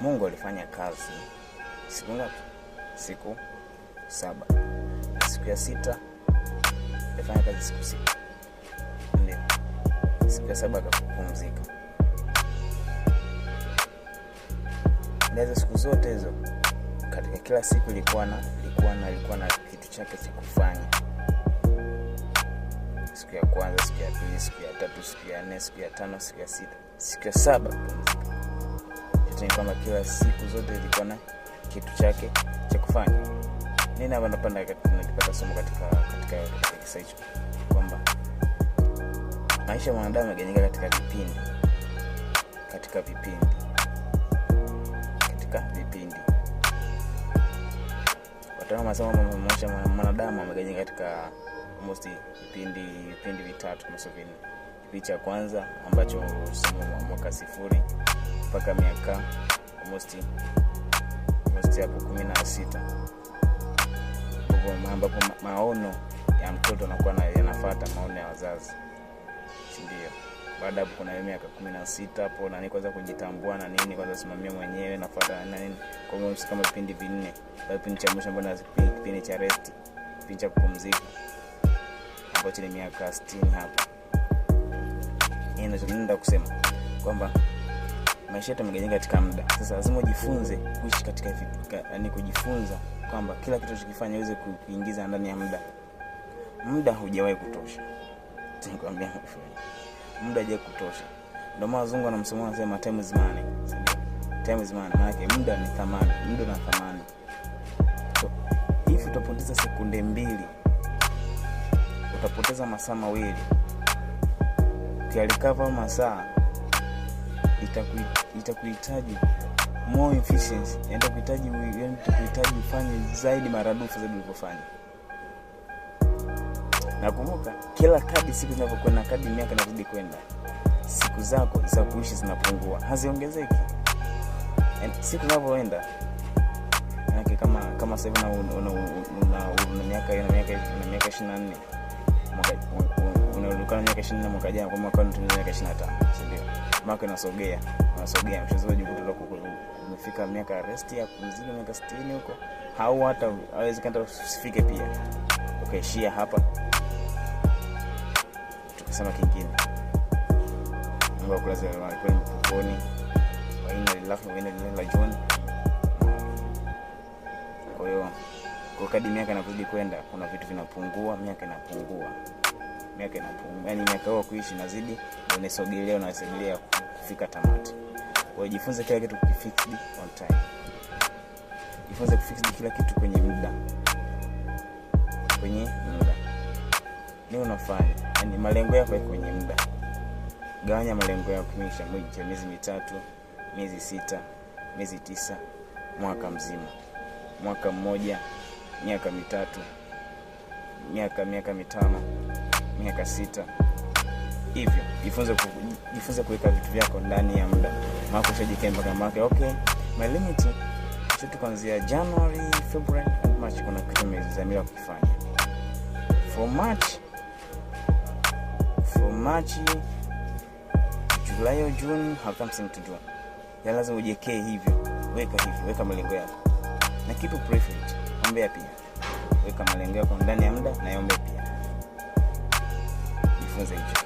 Mungu alifanya kazi siku ngapi? Siku saba. Siku ya sita alifanya kazi siku sita, ndio siku ya saba akapumzika. Ndizo siku zote hizo, katika kila siku ilikuwa na ilikuwa na ilikuwa na kitu chake cha kufanya siku ya kwanza, siku ya pili, siku ya tatu, siku ya nne, siku ya tano, siku ya sita siku ya saba ni kwamba kila siku zote ilikuwa na kitu chake cha kufanya nini hapa napanda nalipata somo katika katika kisa hicho kwamba maisha ya mwanadamu yameganyika katika vipindi katika vipindi katika vipindi wataalamu mwanadamu ameganyika katika mosti vipindi vipindi vitatu kama sio vinne kipindi cha kwanza ambacho msimu wa mwaka sifuri mpaka miaka almost hapo kumi na sita ambapo maono ya mtoto anakuwa yanafata maono ya wazazi sindio baada hapo kuna miaka kumi na sita po nani kwanza kujitambua na nini kwanza simamia mwenyewe nafata nanini nini kama vipindi vinne kipindi cha mwisho ambao kipindi cha resti kipindi cha kupumzika ambacho ni miaka sitini hapo ninachoenda yaani kusema kwamba maisha yetu yamegawanyika katika muda. Sasa lazima ujifunze kuishi katika ni yaani kujifunza kwamba kila kitu chokifanya uweze kuingiza ndani ya muda. Muda hujawahi kutosha, nikwambia muda hujawahi kutosha. Ndio maana wazungu wanamsomo anasema time is money, time is money. manake muda ni thamani, muda na thamani. So hivi utapoteza sekunde mbili, utapoteza masaa mawili ukiarikava masaa itakuhitaji yaani yaani itakuhitaji ufanye zaidi maradufu zaidi ulivyofanya. Nakumbuka kila kadi siku zinavyokwenda, kadi miaka inazidi kwenda, siku zako za kuishi zinapungua, haziongezeki yaani siku zinavyoenda. Manake kama kama sahivi hivi una miaka ishirini na nne tuko na miaka 24 mwaka jana, kwa mwaka tunaweza miaka ishirini na tano sindio Mwaka inasogea unasogea mchezaji kutoka huko umefika miaka rest ya kumzidi miaka 60 huko, au hata awezi kanta usifike pia, ukaishia okay, hapa. Tukasema kingine, Mungu akulaze kwenda peponi, wa inna lillahi wa inna ilaihi Kwa hiyo kwa kadri miaka inakuzidi kwenda, kuna vitu vinapungua, miaka inapungua miaka inapungua, yani miaka yako kuishi inazidi, unasogelea unasogelea kufika tamati. jifunze kila kitu kufixed on time, jifunze kufixed kila kitu kwenye muda, kwenye muda ni unafanya yani, malengo yako ya kwenye muda. Gawanya malengo yako kimisha mwisha miezi mitatu, miezi sita, miezi tisa, mwaka mzima, mwaka mmoja, miaka mitatu, miaka miaka mitano miaka sita hivyo. Jifunze kuweka vitu vyako ndani ya muda mako, ushajikemba kama yake okay, my limit kuanzia January, February and March, kuna kitu mezizamira kukifanya for March, for March, Julai au June, have to do. Ya lazima ujekee hivyo, weka hivyo, weka malengo yako na kitu preferred, ombea pia, weka malengo yako ndani ya muda na fazendo.